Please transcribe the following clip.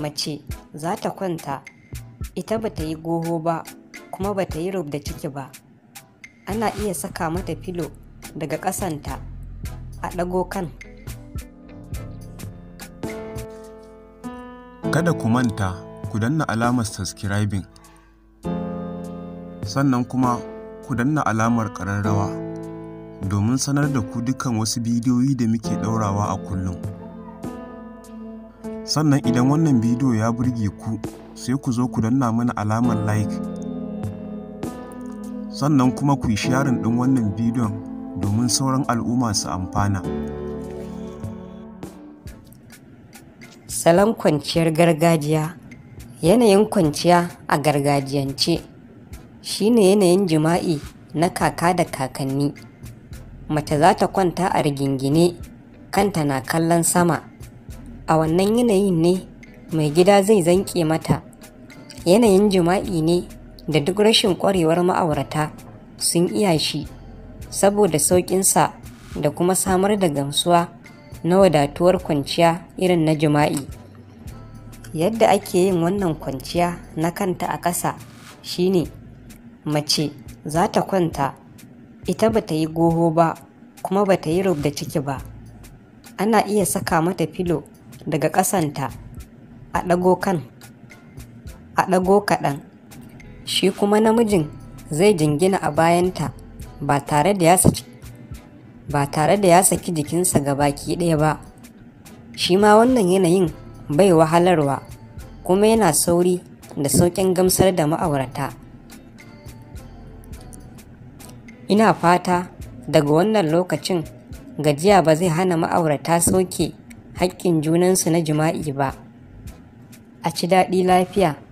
mace za ta kwanta ita ba ta yi goho ba kuma ba ta yi rubda ciki ba ana iya saka mata filo daga ƙasanta a ɗago kan kada ku manta ku danna alamar subscribing sannan kuma ku danna alamar ƙararrawa domin sanar da ku dukkan wasu bidiyoyi da muke ɗaurawa a kullum Sannan idan wannan bidiyo ya burge ku sai ku zo ku danna mana alamar like. Sannan kuma ku yi sharing ɗin wannan bidiyon domin sauran al'umma su amfana. Salon kwanciyar gargajiya Yanayin kwanciya a gargajiyance shi ne yanayin jima'i na kaka da kakanni. Mace za ta kwanta a rigingine, kanta na kallon sama. a wannan yanayin ne mai gida zai zanke mata yanayin jima'i ne da duk rashin ƙwarewar ma'aurata sun iya shi saboda sauƙinsa da kuma samar da gamsuwa na wadatuwar kwanciya irin na jima'i yadda ake yin wannan kwanciya na kanta a ƙasa shine mace za ta kwanta ita ba ta yi goho ba kuma ba ta yi rubda ciki ba ana iya saka mata filo daga ƙasanta a ɗago kan a ɗago kaɗan shi kuma namijin zai jingina a bayanta ba tare da ya saki ba tare da ya saki jikinsa ga baki ɗaya ba shi ma wannan yanayin bai wahalarwa kuma yana sauri da sauƙin gamsar da ma'aurata ina fata daga wannan lokacin gajiya ba zai hana ma'aurata soke haƙƙin junansu na jima'i ba a ci daɗi lafiya